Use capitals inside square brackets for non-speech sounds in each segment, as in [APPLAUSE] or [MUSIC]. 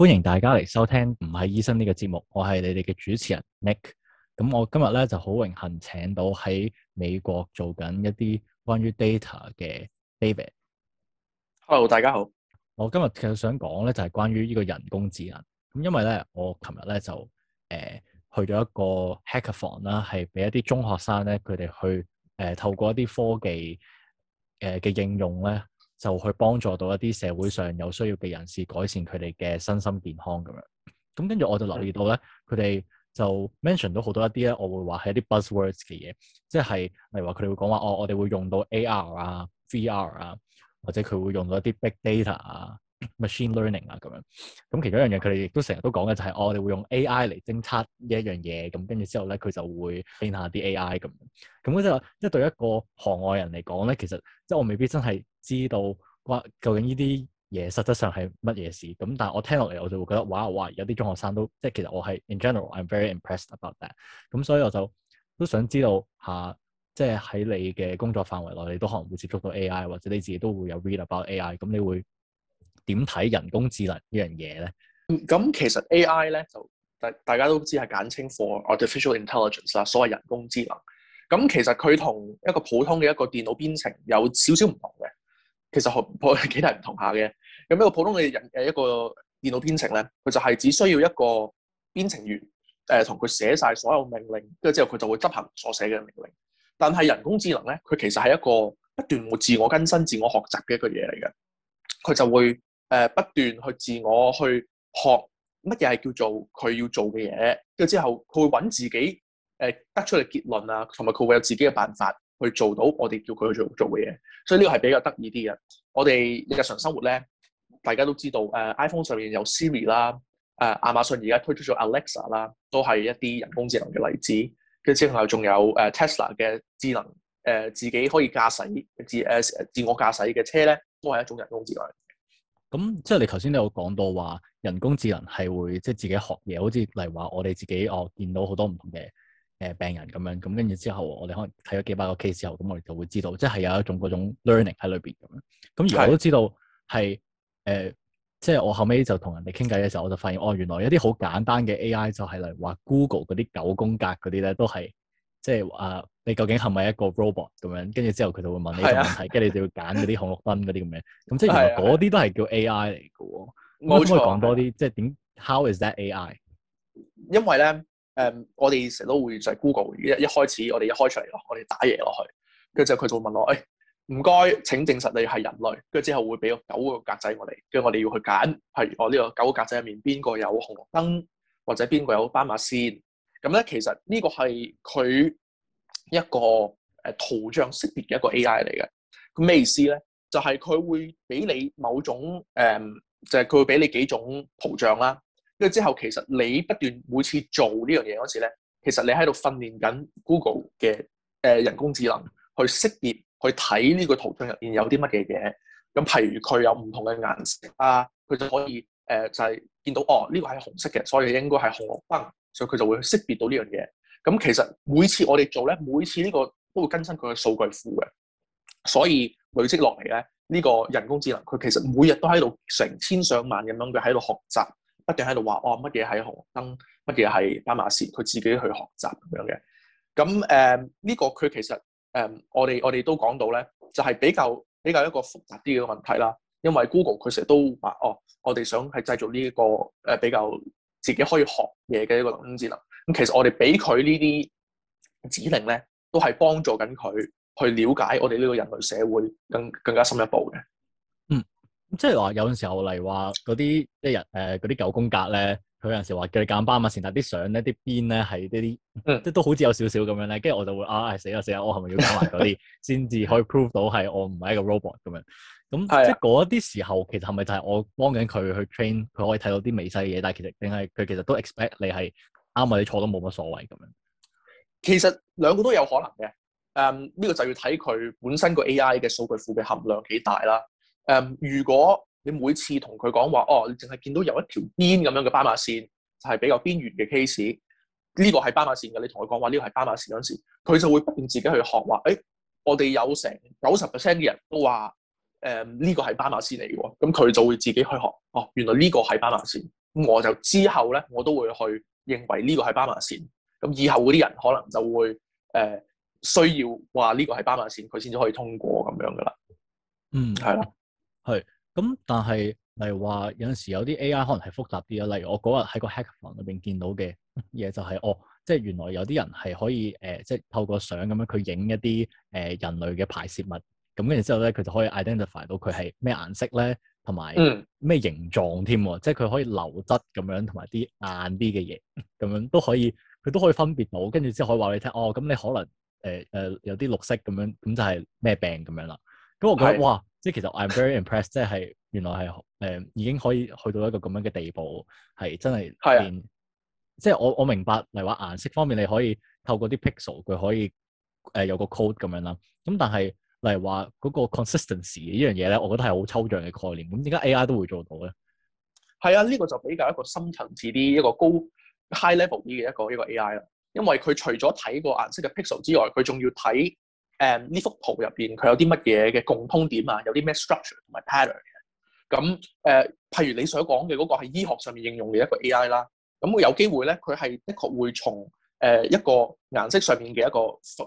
歡迎大家嚟收聽唔係醫生呢、呢個節目，我係你哋嘅主持人 Nick。咁我今日咧就好榮幸請到喺美國做緊一啲關於 data 嘅 David。Hello，大家好。我今日其實想講咧就係關於呢個人工智能。咁因為咧我琴日咧就誒、呃、去咗一個 Hackathon 啦，係俾一啲中學生咧佢哋去誒、呃、透過一啲科技誒嘅、呃、應用咧。就去幫助到一啲社會上有需要嘅人士改善佢哋嘅身心健康咁樣。咁跟住我就留意到咧，佢哋、嗯、就 mention 到好多一啲咧，我會話係一啲 buzz words 嘅嘢，即係例如話佢哋會講話哦，我哋會用到 AR 啊、VR 啊，或者佢會用到一啲 big data 啊。machine learning 啊，咁樣，咁其中一樣嘢，就是，佢哋亦都成日都講嘅就係，哦，我哋會用 AI 嚟偵測呢一樣嘢，咁跟住之後咧，佢就會編下啲 AI 咁，咁嗰陣，即係對一個行外人嚟講咧，其實即係我未必真係知道，哇，究竟呢啲嘢實質上係乜嘢事，咁但係我聽落嚟，我就會覺得，哇哇，有啲中學生都，即係其實我係 in general，I'm very impressed about that，咁所以我就都想知道下，啊，即係喺你嘅工作範圍內，你都可能會接觸到 AI，或者你自己都會有 read about AI，咁你會點睇人工智能呢樣嘢咧？咁其實 AI 咧就大大家都知係簡稱 for artificial intelligence 啦，所謂人工智能。咁其實佢同一個普通嘅一個電腦編程有少少唔同嘅，其實學幾大唔同下嘅。咁一個普通嘅人誒一個電腦編程咧，佢就係只需要一個編程員誒同佢寫晒所有命令，跟住之後佢就會執行所寫嘅命令。但係人工智能咧，佢其實係一個不斷會自我更新、自我學習嘅一個嘢嚟嘅，佢就會。誒不斷去自我去學乜嘢係叫做佢要做嘅嘢，跟之後佢會揾自己誒得出嚟結論啊，同埋佢會有自己嘅辦法去做到我哋叫佢去做做嘅嘢，所以呢個係比較得意啲嘅。我哋日常生活咧，大家都知道誒、啊、iPhone 上面有 Siri 啦、啊，誒亞馬遜而家推出咗 Alexa 啦、啊，都係一啲人工智能嘅例子。跟之後仲有誒、啊、Tesla 嘅智能誒、啊、自己可以駕駛自誒、啊、自我駕駛嘅車咧，都係一種人工智能。咁即係你頭先都有講到話人工智能係會即係自己學嘢，好似例如話我哋自己哦見到好多唔同嘅誒病人咁樣，咁跟住之後我哋可能睇咗幾百個 case 之後，咁我哋就會知道，即係有一種嗰種 learning 喺裏邊咁樣。咁而我都知道係誒、呃，即係我後尾就同人哋傾偈嘅時候，我就發現哦，原來有啲好簡單嘅 AI 就係例如話 Google 嗰啲九宮格嗰啲咧，都係。即係啊，你究竟係咪一個 robot 咁樣？跟住之後佢就會問你個問題，跟住是、啊、你就要揀嗰啲紅綠燈嗰啲咁嘅。咁 [LAUGHS] 即係原來嗰啲都係叫 AI 嚟嘅喎。可唔錯可以講多啲？錯即係點？How is that AI？因為咧，誒、嗯，我哋成日都會就係 Google 一一開始，我哋一開出嚟咯，我哋打嘢落去，跟住之後佢就會問我，誒、哎，唔該，請證實你係人類。跟住之後會俾個九個格仔我哋，跟住我哋要去揀。譬如我呢個九個格仔入面，邊個有紅綠燈，或者邊個有斑馬線？咁咧，其實呢個係佢一個誒圖像識別嘅一個 AI 嚟嘅。咁咩意思咧？就係、是、佢會俾你某種誒、嗯，就係、是、佢會俾你幾種圖像啦。跟住之後，其實你不斷每次做呢樣嘢嗰時咧，其實你喺度訓練緊 Google 嘅誒人工智能去識別、去睇呢個圖像入邊有啲乜嘢嘅。咁譬如佢有唔同嘅顏色啊，佢就可以誒、呃、就係、是、見到哦，呢、這個係紅色嘅，所以應該係紅綠燈。所以佢就會去識別到呢樣嘢。咁其實每次我哋做咧，每次呢個都會更新佢嘅數據庫嘅。所以累積落嚟咧，呢、這個人工智能佢其實每日都喺度成千上萬咁樣佢喺度學習，不斷喺度話哦乜嘢係紅燈，乜嘢係斑馬線，佢自己去學習咁樣嘅。咁誒呢個佢其實誒、嗯、我哋我哋都講到咧，就係、是、比較比較一個複雜啲嘅問題啦。因為 Google 佢成日都話哦，我哋想係製造呢一個誒比較。自己可以學嘢嘅一個人工智能，咁、嗯、其實我哋俾佢呢啲指令咧，都係幫助緊佢去了解我哋呢個人類社會更更加深一步嘅。嗯，即係話有陣時候，例如話嗰啲一日，誒嗰啲九宮格咧。佢有陣時話叫你揀斑馬線啊嘛，但啲相咧啲邊咧呢啲，即都好似有少少咁樣咧。跟住我就會啊，死啦死啦，我係咪要講埋嗰啲先至可以 prove 到係我唔係一個 robot 咁樣？咁 [LAUGHS] 即係嗰啲時候，其實係咪就係我幫緊佢去 train，佢可以睇到啲微細嘅嘢，但係其實定係佢其實都 expect 你，你係啱或者錯都冇乜所謂咁樣。其實兩個都有可能嘅，誒、嗯、呢、呢個就要睇佢本身個 AI 嘅數據庫嘅含量幾大啦。誒、嗯、如果你每次同佢講話，哦，你淨係見到有一條邊咁樣嘅斑馬線，就係比較邊緣嘅 case。呢個係斑馬線嘅，你同佢講話呢個係斑馬線嗰陣時，佢就會不斷自己去學話，誒，我哋有成九十 percent 嘅人都話，誒，呢個係斑馬線嚟嘅喎，咁佢就會自己去學，哦，原來呢個係斑馬線，咁我就之後咧我都會去認為呢個係斑馬線，咁以後嗰啲人可能就會誒需要話呢個係斑馬線，佢先至可以通過咁樣嘅啦。嗯，係啦，係。咁但係，例如話有陣時有啲 AI 可能係複雜啲啊。例如我嗰日喺個 Hackathon 入邊見到嘅嘢就係、是，哦，即係原來有啲人係可以誒、呃，即係透過相咁樣去影一啲誒、呃、人類嘅排泄物，咁跟住之後咧，佢就可以 identify 到佢係咩顏色咧，同埋咩形狀添喎。嗯、即係佢可以流質咁樣，同埋啲硬啲嘅嘢咁樣都可以，佢都可以分別到，跟住之後可以話你聽，哦，咁你可能誒誒、呃、有啲綠色咁樣，咁就係咩病咁樣啦。咁我覺得哇！嗯即係其實 I'm very impressed，即係原來係誒、呃、已經可以去到一個咁樣嘅地步，係真係變。的即係我我明白，例如話顏色方面，你可以透過啲 pixel，佢可以誒、呃、有個 code 咁樣啦。咁但係例如話嗰、那個 consistency 呢樣嘢咧，我覺得係好抽象嘅概念。咁點解 AI 都會做到咧？係啊，呢、這個就比較一個深層次啲，一個高 high level 啲嘅一個一個、這個、AI 啦。因為佢除咗睇個顏色嘅 pixel 之外，佢仲要睇。誒呢幅圖入邊佢有啲乜嘢嘅共通點啊？有啲咩 structure 同埋 pattern 嘅？咁、呃、誒，譬如你所講嘅嗰個係醫學上面應用嘅一個 AI 啦。咁會有機會咧，佢係的確會從誒一個顏色上面嘅一個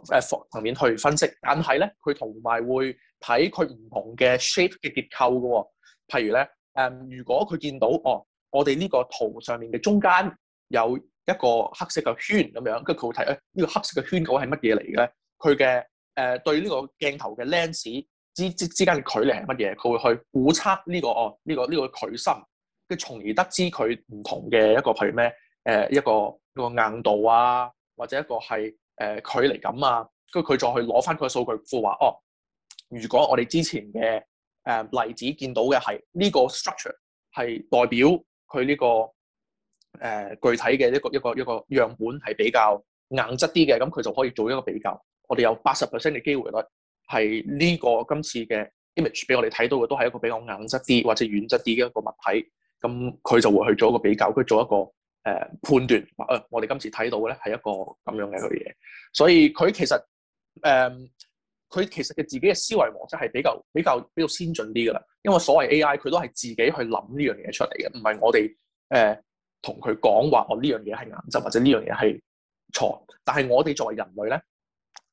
誒層、呃、面去分析，但係咧佢同埋會睇佢唔同嘅 shape 嘅結構㗎喎、哦。譬如咧誒、呃，如果佢見到哦，我哋呢個圖上面嘅中間有一個黑色嘅圈咁樣，跟住佢會睇咧呢個黑色嘅圈嗰個係乜嘢嚟嘅？佢嘅誒對呢個鏡頭嘅 lens 之之之間嘅距離係乜嘢？佢會去估測呢、這個哦，呢、這個呢、這個距深，跟從而得知佢唔同嘅一個譬如咩？誒、呃、一個一個硬度啊，或者一個係誒、呃、距離感啊，跟住佢再去攞翻佢嘅數據庫話哦。如果我哋之前嘅誒、呃、例子見到嘅係呢個 structure 係代表佢呢、這個誒、呃、具體嘅一個一個，一個，一，個一個樣本係比較硬質啲嘅，咁佢就可以做一個比較。我哋有八十 percent 嘅機會率係呢個今次嘅 image 俾我哋睇到嘅都係一個比較硬質啲或者軟質啲嘅一個物體，咁佢就會去做一個比較，佢做一個誒、呃、判斷，誒、呃、我哋今次睇到嘅咧係一個咁樣嘅一個嘢，所以佢其實誒佢、呃、其實佢自己嘅思維模式係比較比較比較先進啲噶啦，因為所謂 AI 佢都係自己去諗呢樣嘢出嚟嘅，唔係我哋誒同佢講話我呢樣嘢係硬質或者呢樣嘢係錯，但係我哋作為人類咧。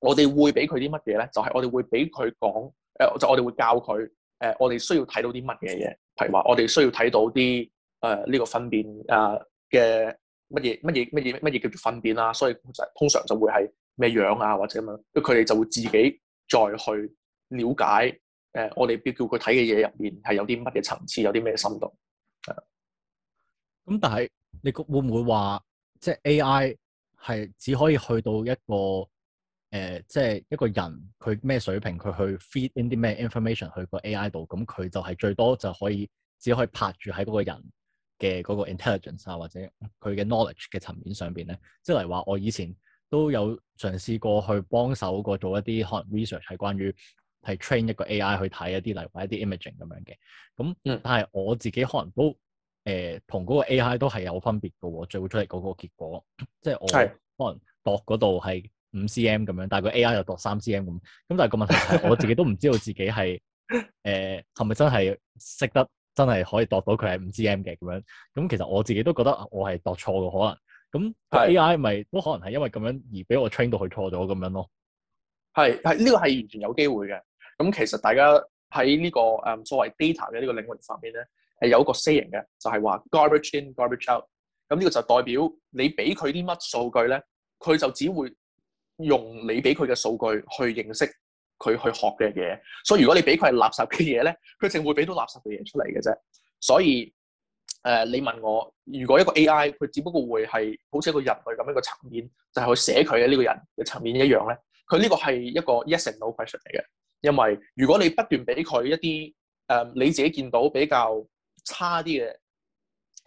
我哋會俾佢啲乜嘢咧？就係、是、我哋會俾佢講，誒、呃、就我哋會教佢，誒、呃、我哋需要睇到啲乜嘢嘢，譬如話我哋需要睇到啲誒呢個糞便啊嘅乜嘢乜嘢乜嘢乜嘢叫做糞便啦。所以就通常就會係咩樣啊，或者咁樣，佢哋就會自己再去了解誒、呃、我哋要叫佢睇嘅嘢入面係有啲乜嘢層次，有啲咩深度。係、嗯、咁但係你會唔會話，即、就、係、是、A.I. 係只可以去到一個？誒、呃，即係一個人，佢咩水平，佢去 feed in 啲咩 information 去個 AI 度，咁佢就係最多就可以只可以拍住喺嗰個人嘅嗰個 intelligence 啊，或者佢嘅 knowledge 嘅層面上邊咧。即係例如話，我以前都有嘗試過去幫手過做一啲可能 research 係關於係 train 一個 AI 去睇一啲，例如話一啲 imaging 咁樣嘅。咁但係我自己可能都誒同嗰個 AI 都係有分別嘅喎，做出嚟嗰個結果，即係我是可能博嗰度係。五 cm 咁樣，M, 但係個 AI 又度三 cm 咁，咁但係個問題係，我自己都唔知道自己係誒係咪真係識得真係可以度到佢係五 cm 嘅咁樣，咁其實我自己都覺得我係度錯嘅可能，咁、個、AI 咪都是可能係因為咁樣而俾我 train 到佢錯咗咁樣咯，係，係呢個係完全有機會嘅，咁其實大家喺呢、這個誒所、嗯、謂 data 嘅呢個領域上面咧，係有一個 saying 嘅，就係、是、話 garbage in garbage out，咁呢個就代表你俾佢啲乜數據咧，佢就只會。用你俾佢嘅數據去認識佢去學嘅嘢，所以如果你俾佢係垃圾嘅嘢咧，佢淨會俾到垃圾嘅嘢出嚟嘅啫。所以誒、呃，你問我，如果一個 AI 佢只不過會係好似一個人類咁樣嘅層面，就係去寫佢嘅呢個人嘅層面一樣咧，佢呢個係一個 yes or no question 嚟嘅。因為如果你不斷俾佢一啲誒、呃、你自己見到比較差啲嘅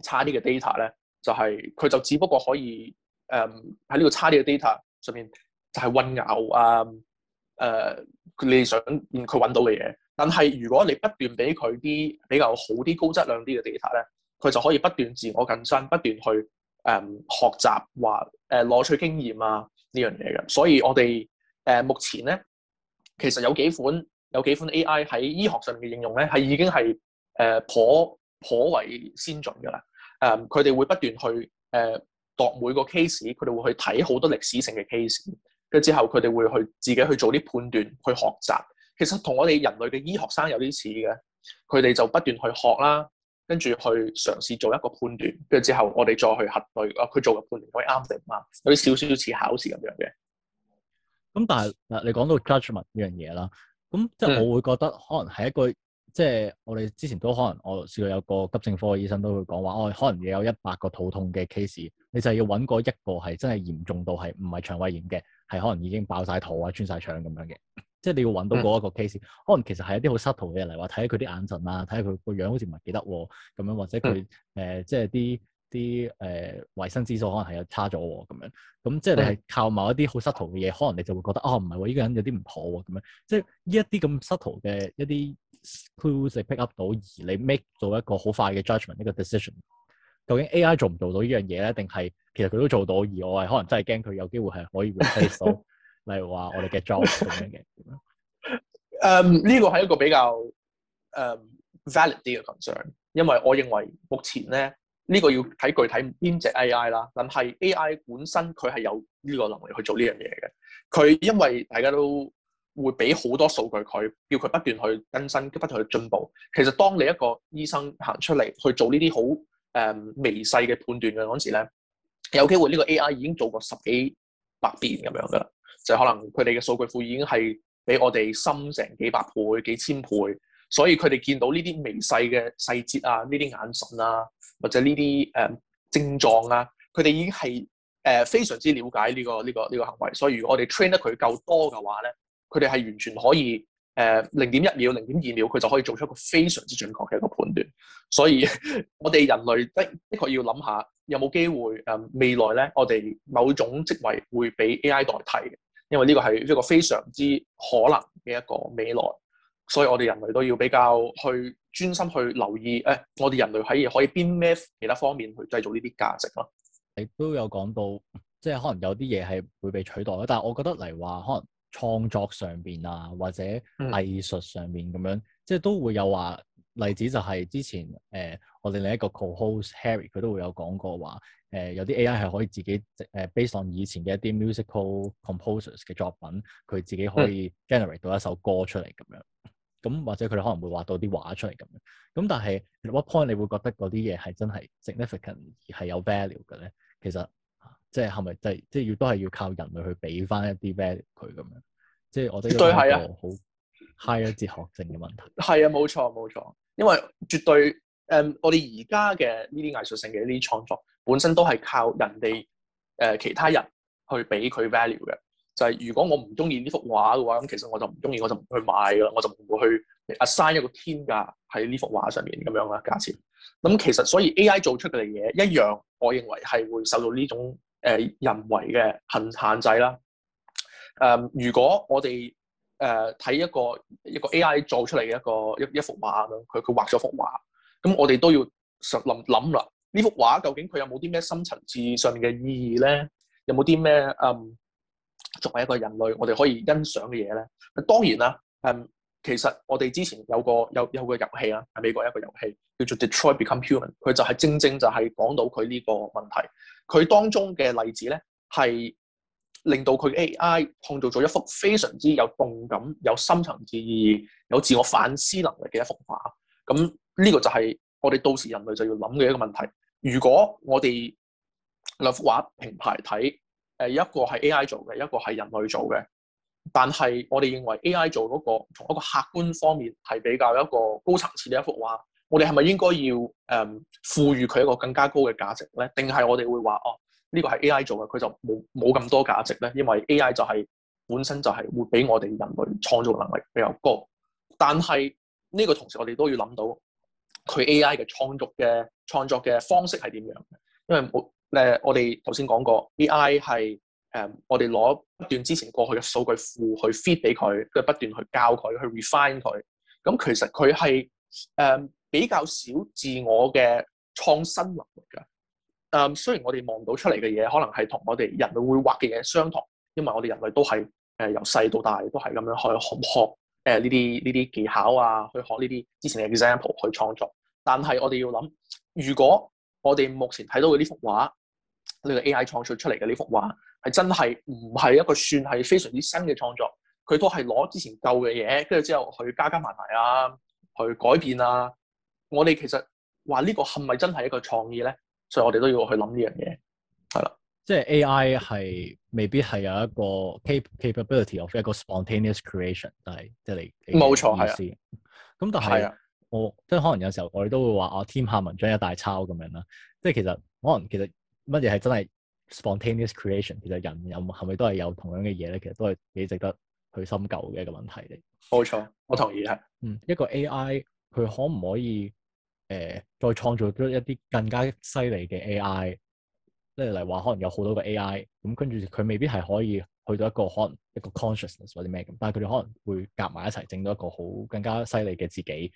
差啲嘅 data 咧，就係、是、佢就只不過可以誒喺呢個差啲嘅 data 上面。就係混淆啊！誒、呃，你想佢揾到嘅嘢，但係如果你不斷俾佢啲比較好啲、高質量啲嘅 data 咧，佢就可以不斷自我更新，不斷去誒、嗯、學習或誒攞取經驗啊呢樣嘢嘅。所以我哋誒、呃、目前咧，其實有幾款有幾款 AI 喺醫學上面嘅應用咧，係已經係誒、呃、頗頗為先進㗎啦。誒、嗯，佢哋會不斷去誒度、呃、每個 case，佢哋會去睇好多歷史性嘅 case。跟住之後，佢哋會去自己去做啲判斷，去學習。其實同我哋人類嘅醫學生有啲似嘅，佢哋就不斷去學啦，跟住去嘗試做一個判斷。跟住之後，我哋再去核對啊，佢做嘅判斷可以啱定唔啱，有啲少少似考試咁樣嘅。咁、嗯嗯、但係嗱，你講到 judgment 呢樣嘢啦，咁即係我會覺得可能係一個，即係我哋之前都可能我試過有個急症科嘅醫生都會講話，我可能你有一百個肚痛嘅 case，你就要揾過一個係真係嚴重到係唔係腸胃炎嘅。係可能已經爆晒肚啊，穿晒腸咁樣嘅，即係你要揾到嗰一個 case。嗯、可能其實係一啲好 subtle 嘅人嚟，話睇下佢啲眼神啦，睇下佢個樣好似唔係記得喎，咁樣或者佢誒、嗯呃、即係啲啲誒衞生指數可能係有差咗喎，咁樣。咁即係你係靠某一啲好 subtle 嘅嘢，可能你就會覺得、嗯、哦，唔係喎，依、這個人有啲唔妥喎，咁樣。即係呢一啲咁 subtle 嘅一啲 clues 你 pick up 到，而你 make 做一個好快嘅 judgment，一個 decision。究竟 AI 做唔做到呢樣嘢咧？定係其實佢都做到，而我係可能真係驚佢有機會係可以 replace 到， [LAUGHS] 例如話我哋嘅 job 咁樣嘅。誒呢個係一個比較誒、um, valid 啲嘅 concern，因為我認為目前咧呢、呢個要睇具體邊隻 AI 啦，但係 AI 本身佢係有呢個能力去做呢樣嘢嘅。佢因為大家都會俾好多數據佢，叫佢不斷去更新，不斷去進步。其實當你一個醫生行出嚟去做呢啲好，誒、嗯，微細嘅判斷嘅嗰時咧，有機會呢個 AI 已經做過十幾百遍咁樣噶啦，就係、可能佢哋嘅數據庫已經係比我哋深成幾百倍、幾千倍，所以佢哋見到呢啲微細嘅細節啊，呢啲眼神啊，或者呢啲誒症狀啊，佢哋已經係誒、呃、非常之了解呢、呢個呢、呢個呢、呢個呢個行為，所以如果我哋 train 得佢夠多嘅話咧，佢哋係完全可以。誒，零點一秒、零點二秒，佢就可以做出一個非常之準確嘅一個判斷。所以，我哋人類的的確要諗下，有冇機會誒未來咧，我哋某種職位會俾 AI 代替嘅？因為呢個係一個非常之可能嘅一個未來。所以，我哋人類都要比較去專心去留意誒，我哋人類喺可以邊咩其他方面去製造呢啲價值咯？你都有講到，即係可能有啲嘢係會被取代咯。但係我覺得嚟話，可能。創作上邊啊，或者藝術上邊咁樣，即係都會有話例子、就是，就係之前誒、呃、我哋另一個 co-host Harry 佢都會有講過話誒、呃、有啲 AI 係可以自己誒 based on 以前嘅一啲 musical composers 嘅作品，佢自己可以 generate 到一首歌出嚟咁樣。咁、嗯、或者佢哋可能會畫到啲畫出嚟咁樣。咁但係 what point 你會覺得嗰啲嘢係真係 significant 而係有 value 嘅咧？其實。即係係咪即係即係要都係要靠人類去俾翻一啲 value 佢咁樣？即係我覺得呢個好 high 一對、啊、哲學性嘅問題。係 [LAUGHS] 啊，冇錯冇錯，因為絕對誒、嗯，我哋而家嘅呢啲藝術性嘅呢啲創作，本身都係靠人哋誒、呃、其他人去俾佢 value 嘅。就係、是、如果我唔中意呢幅畫嘅話，咁其實我就唔中意，我就唔去買㗎啦，我就唔會去 assign 一個天價喺呢幅畫上面咁樣嘅價錢。咁、嗯、其實所以 AI 做出嚟嘅嘢一樣，我認為係會受到呢種。誒人為嘅限限制啦。誒、嗯，如果我哋誒睇一個一個 AI 做出嚟嘅一個一一幅畫啦，佢佢畫咗幅畫，咁我哋都要實諗諗啦，呢幅畫究竟佢有冇啲咩深層次上面嘅意義咧？有冇啲咩誒？作為一個人類，我哋可以欣賞嘅嘢咧？當然啦，誒、嗯。其實我哋之前有個有有個遊戲啊，喺美國一個遊戲叫做《Detroit Become Human》，佢就係正正就係講到佢呢個問題。佢當中嘅例子咧，係令到佢 AI 創造咗一幅非常之有動感、有深層次意義、有自我反思能力嘅一幅畫。咁、嗯、呢、呢個就係我哋到時人類就要諗嘅一個問題。如果我哋兩幅畫平排睇，誒一個係 AI 做嘅，一個係人類做嘅。但係我哋認為 A.I. 做嗰個從一個客觀方面係比較一個高層次嘅一幅畫，我哋係咪應該要誒賦予佢一個更加高嘅價值咧？定係我哋會話哦，呢個係 A.I. 做嘅，佢就冇冇咁多價值咧？因為 A.I. 就係本身就係會比我哋人類創造能力比較高，但係呢個同時我哋都要諗到佢 A.I. 嘅創作嘅創作嘅方式係點樣？因為我誒我哋頭先講過 A.I. 係。誒，我哋攞一段之前過去嘅數據庫去 feed 俾佢，跟住不斷去教佢，去 refine 佢。咁其實佢係誒比較少自我嘅創新能力㗎。誒，雖然我哋望到出嚟嘅嘢，可能係同我哋人類會畫嘅嘢相同，因為我哋人類都係誒由細到大都係咁樣去學誒呢啲呢啲技巧啊，去學呢啲之前嘅 example 去創作。但係我哋要諗，如果我哋目前睇到嘅呢幅畫，呢個 AI 創作出嚟嘅呢幅畫係真係唔係一個算係非常之新嘅創作，佢都係攞之前舊嘅嘢，跟住之後去加加埋埋啊，去改變啊。我哋其實話呢個係咪真係一個創意咧？所以我哋都要去諗呢樣嘢。係啦，即係 AI 係未必係有一個 capability of 一個 spontaneous creation，但係即係你冇錯係。咁但係我即係可能有時候我哋都會話啊，天下文章一大抄咁樣啦。即係其實可能其實。乜嘢係真係 spontaneous creation？其實人有係咪都係有同樣嘅嘢咧？其實都係幾值得去深究嘅一個問題嚟。冇錯，我同意。嗯，一個 AI 佢可唔可以誒、呃、再創造出一啲更加犀利嘅 AI？即係嚟話可能有好多個 AI 咁，跟住佢未必係可以去到一個可能一個 consciousness 或者咩咁，但係佢哋可能會夾埋一齊整到一個好更加犀利嘅自己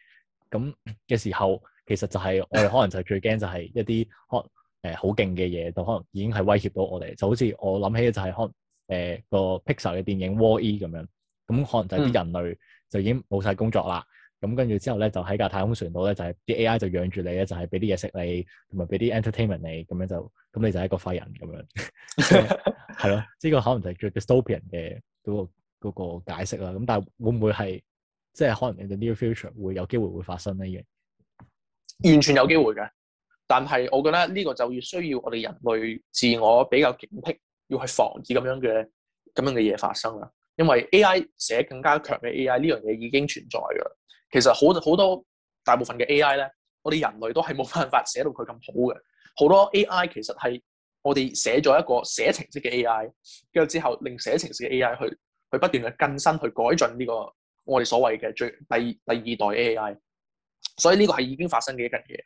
咁嘅時候，其實就係、是嗯、我哋可能就係最驚就係一啲可能。誒，好勁嘅嘢，就可能已經係威脅到我哋。就好似我諗起嘅就係，可、呃、誒、嗰個 Pixar 嘅電影《WALL-E》咁樣，咁可能就係啲人類、嗯、就已經冇晒工作啦。咁跟住之後咧，就喺架太空船度咧，就係、是、啲 AI 就養住你咧，就係俾啲嘢食你，同埋俾啲 entertainment 你，咁樣就，咁你就係一個廢人咁樣，係咯？呢個可能就係叫做 dystopian 嘅嗰、嗰個、嗰個嗰個解釋啦。咁但係會唔會係，即、就、係、是、可能你嘅 New Future 會有機會會發生呢？依樣完全有機會嘅。但係，我覺得呢個就要需要我哋人類自我比較警惕，要去防止咁樣嘅咁樣嘅嘢發生啦。因為 AI 寫更加強嘅 AI 呢樣嘢已經存在㗎。其實好好多大部分嘅 AI 咧，我哋人類都係冇辦法寫到佢咁好嘅。好多 AI 其實係我哋寫咗一個寫程式嘅 AI，跟住之後令寫程式嘅 AI 去去不斷去更新、去改進呢個我哋所謂嘅最第二第二代 AI。所以呢個係已經發生嘅一樣嘢，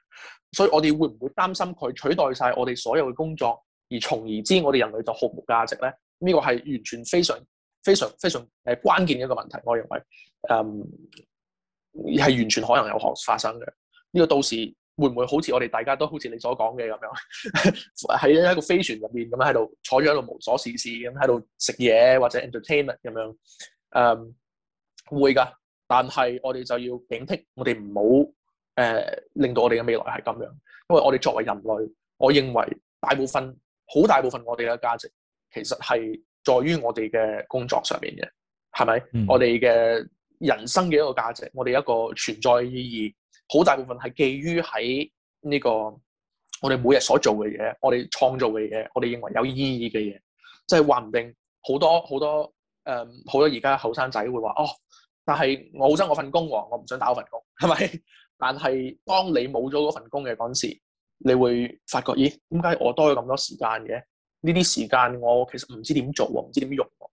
所以我哋會唔會擔心佢取代晒我哋所有嘅工作，而從而知我哋人類就毫無價值咧？呢個係完全非常、非常、非常誒關鍵嘅一個問題。我認為誒係、嗯、完全可能有學發生嘅。呢、呢個到時會唔會好似我哋大家都好似你所講嘅咁樣，喺 [LAUGHS] 一個飛船入面咁樣喺度坐咗喺度無所事事咁喺度食嘢或者 entertainment 咁樣誒、嗯？會㗎，但係我哋就要警惕，我哋唔好。誒令到我哋嘅未來係咁樣，因為我哋作為人類，我認為大部分好大部分我哋嘅價值其實係在於我哋嘅工作上邊嘅，係咪？嗯、我哋嘅人生嘅一個價值，我哋一個存在意義，好大部分係基於喺呢個我哋每日所做嘅嘢，我哋創造嘅嘢，我哋認為有意義嘅嘢，即係話唔定好多好多誒，嗯、好多而家後生仔會話哦，但係我好憎我份工喎，我唔想打我份工，係咪？但係，當你冇咗嗰份工嘅嗰陣時，你會發覺，咦？點解我多咗咁多時間嘅？呢啲時間我其實唔知點做喎，唔知點用喎。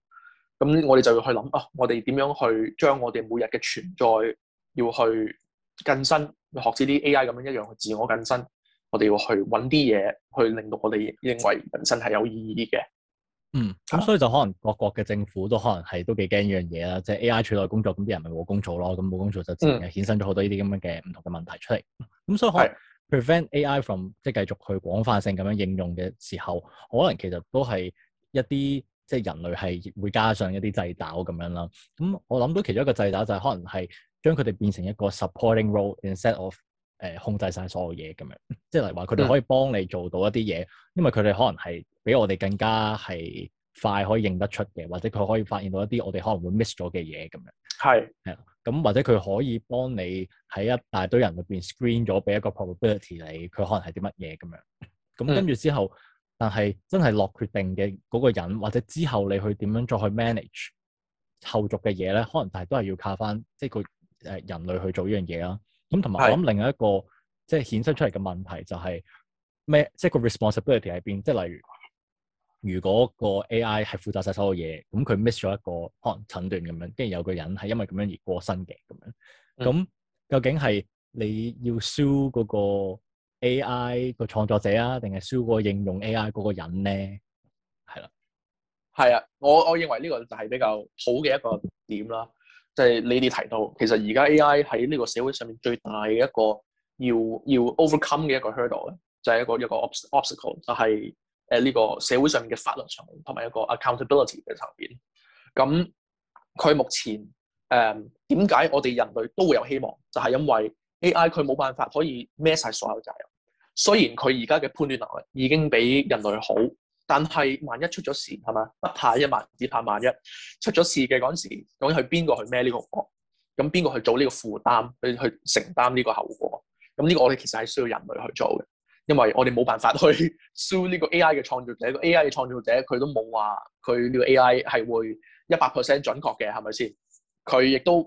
咁我哋就要去諗啊，我哋點樣去將我哋每日嘅存在要去更新，學似啲 AI 咁樣一樣去自我更新。我哋要去揾啲嘢去令到我哋認為人生係有意義嘅。嗯，咁所以就可能各國嘅政府都可能係都幾驚呢樣嘢啦，即係 A.I. 取代工作，咁啲人咪冇工做咯，咁冇工做就自然係衍生咗好多呢啲咁樣嘅唔同嘅問題出嚟。咁、嗯、所以可能 prevent A.I. from 即係繼續去廣泛性咁樣應用嘅時候，可能其實都係一啲即係人類係會加上一啲制打咁樣啦。咁我諗到其中一個制打就係可能係將佢哋變成一個 supporting role instead of。誒控制晒所有嘢咁樣，即係例如話佢哋可以幫你做到一啲嘢，嗯、因為佢哋可能係比我哋更加係快可以認得出嘅，或者佢可以發現到一啲我哋可能會 miss 咗嘅嘢咁樣。係，係咁，或者佢可以幫你喺一大堆人入邊 screen 咗俾一個 probability 你佢可能係啲乜嘢咁樣。咁跟住之後，嗯、但係真係落決定嘅嗰個人，或者之後你去點樣再去 manage 後續嘅嘢咧，可能但係都係要靠返即係個誒人類去做呢樣嘢啦。咁同埋我諗另一個即係衍生出嚟嘅問題就係、係、咩？即係個 responsibility 喺邊？即係例如，如果個 AI 係負責晒所有嘢，咁佢 miss 咗一個可能診斷咁樣，跟住有個人係因為咁樣而過身嘅咁樣，咁、嗯、究竟係你要 sue 嗰個 AI 個創作者啊，定係 sue 嗰個應用 AI 嗰個人咧？係啦，係啊，我我認為呢個就係比較好嘅一個點啦。即係你哋提到，其實而家 AI 喺呢個社會上面最大嘅一個要要 overcome 嘅一個 hurdle 咧，就係一個一個 obstacle，就係誒呢個社會上面嘅法律上面同埋一個 accountability 嘅層面。咁佢目前誒點解我哋人類都會有希望？就係、是、因為 AI 佢冇辦法可以孭晒所有責任。雖然佢而家嘅判斷能力已經比人類好。但係萬一出咗事係嘛？不怕一萬，只怕萬一出咗事嘅嗰陣時，究竟係邊個去孭呢個鑊？咁邊個去做呢個負擔去去承擔呢個後果？咁呢個我哋其實係需要人類去做嘅，因為我哋冇辦法去 t h o u 呢個 AI 嘅創造者，個 AI 嘅創造者佢都冇話佢呢個 AI 係會一百 percent 準確嘅係咪先？佢亦都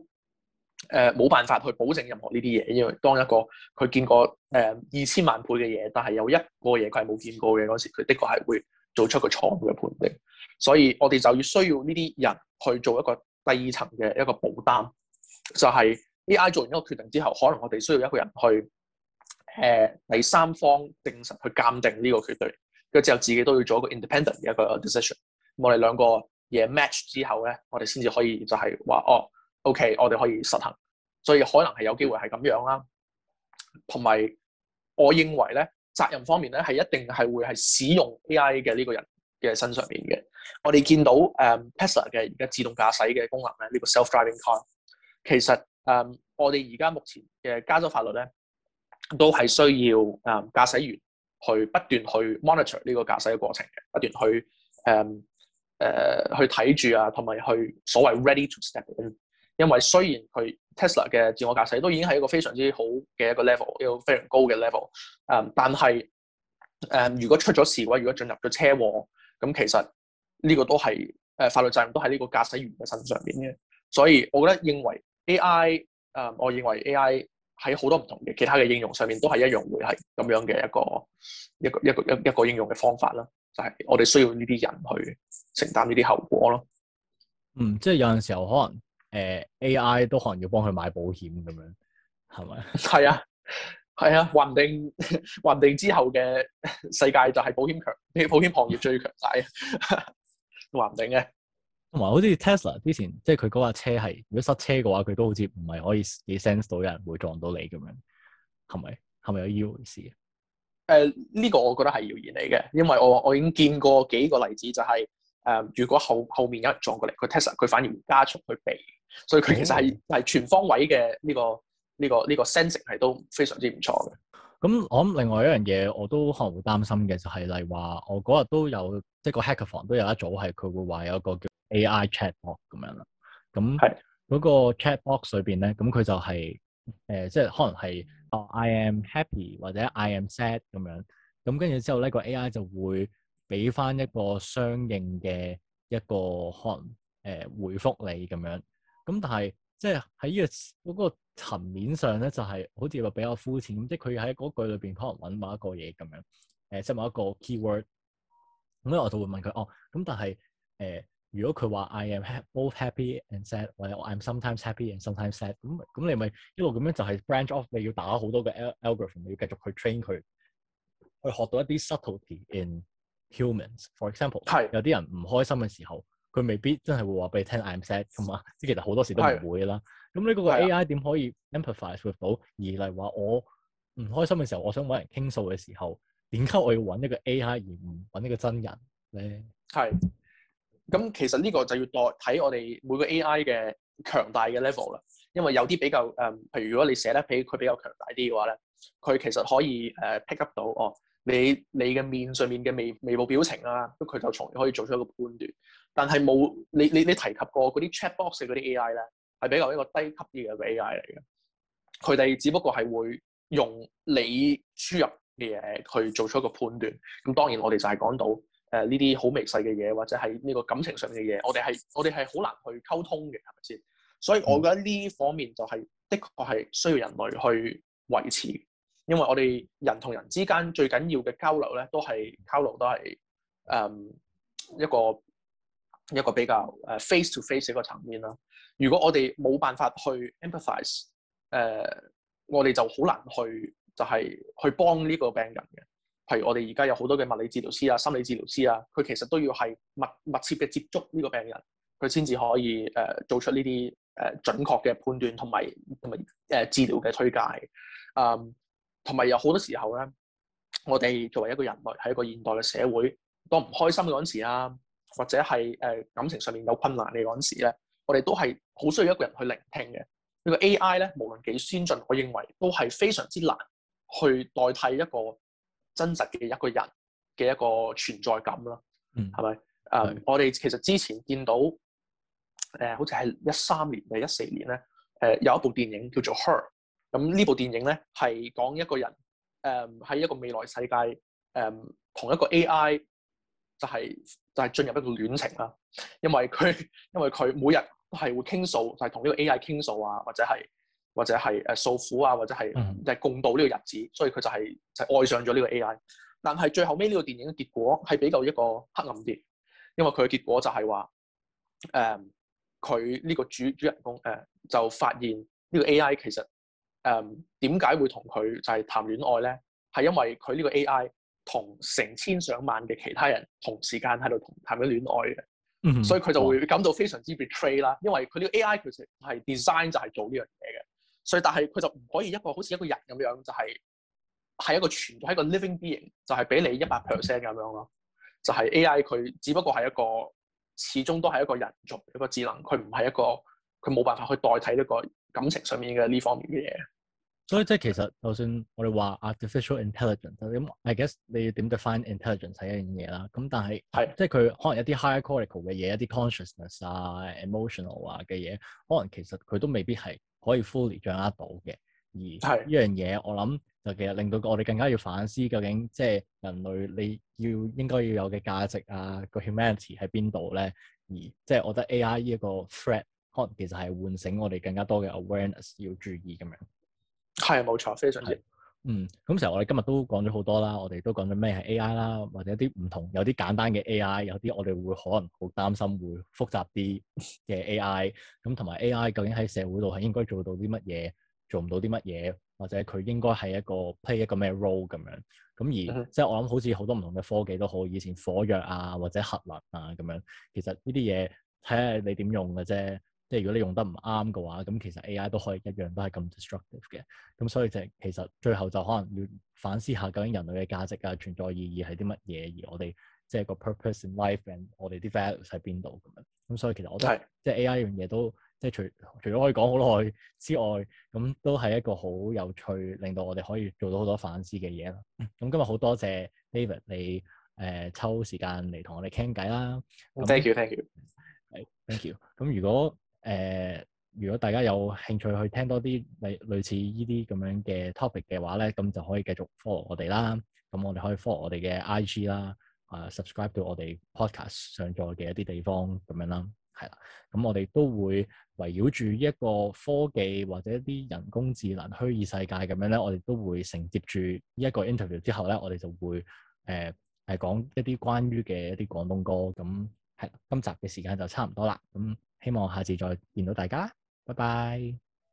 誒冇、呃、辦法去保證任何呢啲嘢，因為當一個佢見過誒二千萬倍嘅嘢，但係有一個嘢佢係冇見過嘅嗰陣時，佢的確係會做出個錯誤嘅判定，所以我哋就要需要呢啲人去做一個第二層嘅一個保單，就係、是、AI 做完一個決定之後，可能我哋需要一個人去誒、呃、第三方證實去鑑定呢個決定，跟住之後自己都要做一個 independent 嘅一個 decision、嗯。我哋兩個嘢 match 之後咧，我哋先至可以就係話哦，OK，我哋可以實行。所以可能係有機會係咁樣啦。同埋，我認為咧。責任方面咧，係一定係會係使用 AI 嘅呢個人嘅身上面嘅。我哋見到誒 Tesla 嘅而家自動駕駛嘅功能咧，呢、這個 self-driving car，其實誒、嗯、我哋而家目前嘅加州法律咧，都係需要誒駕駛員去不斷去 monitor 呢個駕駛嘅過程嘅，不斷去誒誒、嗯呃、去睇住啊，同埋去所謂 ready to step in，因為雖然佢。Tesla 嘅自我駕駛都已經係一個非常之好嘅一個 level，一個非常高嘅 level。誒、嗯，但係誒、嗯，如果出咗事嘅話，如果進入咗車禍，咁、嗯、其實呢個都係誒、呃、法律責任都喺呢個駕駛員嘅身上邊嘅。所以，我覺得認為 AI 誒、嗯，我認為 AI 喺好多唔同嘅其他嘅應用上面都係一樣會係咁樣嘅一個一個一個一個一個應用嘅方法啦。就係、是、我哋需要呢啲人去承擔呢啲後果咯。嗯，即係有陣時候可能。誒，A.I. 都可能要幫佢買保險咁樣，係咪？係啊，係啊，話唔定話唔定之後嘅世界就係保險強，保險行業最強大啊！話唔定嘅。同埋，好似 Tesla 之前，即係佢嗰架車係，如果塞車嘅話，佢都好似唔係可以幾 sense 到有人會撞到你咁樣，係咪？係咪有呢回事？誒，呢個我覺得係謠言嚟嘅，因為我我已經見過幾個例子，就係、是。誒，如果後後面有人撞過嚟，個 Tesla 佢反而會加速去避，所以佢其實係係、嗯、全方位嘅呢、呢個呢、呢個呢、呢個 sensing 係都非常之唔錯嘅。咁我諗另外一樣嘢我都可能會擔心嘅就係、是，例如話我嗰日都有即係、就是、個 hack 房都有一組係佢會話有一個叫 AI chat box 咁樣啦。咁嗰的個 chat box 裏邊咧，咁佢就係、是、誒，即、呃、係、就是、可能係 I am happy 或者 I am sad 咁樣。咁跟住之後咧，個 AI 就會，俾翻一個相應嘅一個可能誒、呃、回覆你咁樣咁，但係即係喺呢個嗰、那個層面上咧，就係、是、好似話比較膚淺咁，即係佢喺嗰句裏邊可能揾某一個嘢咁樣誒、呃，即係某一個 keyword 咁咧，我就會問佢哦。咁但係誒、呃，如果佢話 I am both happy and sad，或者 I am sometimes happy and sometimes sad，咁咁你咪一路咁樣就係、是、branch off，你要打好多個 algorithm，你要繼續去 train 佢去學到一啲 subtlety in。Humans, for example, 是有啲人唔開心嘅時候，佢未必真係會話俾你聽。I'm sad 噶嘛，即 [LAUGHS] 係其實好多時都唔會啦。咁你嗰個 AI 點的可以 empathise 到？而例如話我唔開心嘅時候，我想揾人傾訴嘅時候，點解我要揾一個 AI 而唔揾一個真人咧？係。咁其實呢個就要代睇我哋每個 AI 嘅強大嘅 level 啦。因為有啲比較誒、嗯，譬如如果你寫得比佢比較強大啲嘅話咧，佢其實可以誒、uh, pick up 到哦。你你嘅面上面嘅微面部表情啦、啊，咁佢就從而可以做出一個判斷。但係冇你你你提及過嗰啲 chat box 嗰啲 AI 咧，係比較一個低級啲嘅 AI 嚟嘅。佢哋只不過係會用你輸入嘅嘢去做出一個判斷。咁當然我哋就係講到誒呢啲好微細嘅嘢，或者係呢個感情上面嘅嘢，我哋係我哋係好難去溝通嘅，係咪先？所以我覺得呢方面就係、是嗯、的確係需要人類去維持。因為我哋人同人之間最緊要嘅交流咧，都係交流都係誒、嗯、一個一個比較誒 face to face 嘅一個層面啦。如果我哋冇辦法去 empathize 誒、呃，我哋就好難去就係、是、去幫呢個病人嘅。譬如我哋而家有好多嘅物理治療師啊、心理治療師啊，佢其實都要係密密切嘅接觸呢個病人，佢先至可以誒、呃、做出呢啲誒準確嘅判斷同埋同埋誒治療嘅推介。嗯。同埋有好多時候咧，我哋作為一個人類，喺一個現代嘅社會，當唔開心嘅嗰陣時啊，或者係誒感情上面有困難嘅嗰陣時咧，我哋都係好需要一個人去聆聽嘅。呢個 AI 咧，無論幾先進，我認為都係非常之難去代替一個真實嘅一個人嘅一個存在感啦。嗯，係咪？誒，我哋其實之前見到誒，好似係一三年定一四年咧，誒有一部電影叫做《Her》。咁呢部電影咧，係講一個人，誒、嗯、喺一個未來世界，誒、嗯、同一個 AI 就係、是、就係、是、進入一個戀情啦。因為佢因為佢每日都係會傾訴，就係同呢個 AI 傾訴啊，或者係或者係誒訴苦啊，或者係就係共度呢個日子，所以佢就係、是、就係、是、愛上咗呢個 AI。但係最後尾呢個電影嘅結果係比較一個黑暗啲，因為佢嘅結果就係話誒佢呢個主主人公誒、呃、就發現呢個 AI 其實。誒點解會同佢就係談戀愛咧？係因為佢呢個 AI 同成千上萬嘅其他人同時間喺度同談緊戀愛嘅，嗯、哼所以佢就會感到非常之 betray 啦。因為佢呢個 AI 其實係 design 就係做呢樣嘢嘅，所以但係佢就唔可以一個好似一個人咁樣，就係、係、係一個存在，係一個 living being，就係俾你一百 percent 咁樣咯。就係、係、AI 佢只不過係一個始終都係一個人族一個智能，佢唔係一個佢冇辦法去代替一個。感情上面嘅呢方面嘅嘢，所以即係其實就算我哋話 artificial intelligence，咁 I guess 你點 define intelligence 係一樣嘢啦。咁但係即係佢可能一啲 higher cortical 嘅嘢，一啲 consciousness 啊、emotional 啊嘅嘢，可能其實佢都未必係可以 fully 掌握到嘅。而呢樣嘢我諗就其實令到我哋更加要反思，究竟即係人類你要應該要有嘅價值啊，個 humanity 喺邊度咧？而即係我覺得 AI 呢一個 threat。可能其實係喚醒我哋更加多嘅 awareness，要注意咁樣。係，冇錯，非常之。嗯，咁其實我哋今日都講咗好多啦，我哋都講咗咩係 AI 啦，或者啲唔同，有啲簡單嘅 AI，有啲我哋會可能好擔心會複雜啲嘅 AI。咁同埋 AI 究竟喺社會度係應該做到啲乜嘢，做唔到啲乜嘢，或者佢應該係一個 play 一個咩 role 咁樣？咁而、嗯、哼即係我諗好似好多唔同嘅科技都好，以前火藥啊或者核能啊咁樣，其實呢啲嘢睇下你點用嘅啫。即係如果你用得唔啱嘅話，咁其實 A.I. 都可以一樣都係咁 destructive 嘅。咁所以就係、其實最後就可能要反思下究竟人類嘅價值啊、存在意義係啲乜嘢，而我哋即係個 purpose in life，跟住我哋 develop 喺邊度咁樣。咁所以其實我是即都即係 A.I. 呢樣嘢都即係除除咗可以講好耐之外，咁都係一個好有趣，令到我哋可以做到好多反思嘅嘢啦。咁今日好多謝 David 你誒、呃、抽時間嚟同我哋傾偈啦。Thank you，Thank you，係，Thank you。咁如果誒、呃，如果大家有興趣去聽多啲類類似呢啲咁樣嘅 topic 嘅話咧，咁就可以繼續 follow 我哋啦。咁我哋可以 follow 我哋嘅 IG 啦，啊、呃、subscribe 到我哋 Podcast 上載嘅一啲地方咁樣啦。係啦，咁我哋都會圍繞住一個科技或者一啲人工智能虛擬世界咁樣咧，我哋都會承接住呢一個 interview 之後咧，我哋就會誒係、呃、講一啲關於嘅一啲廣東歌。咁係，今集嘅時間就差唔多啦。咁。希望下次再見到大家，拜拜。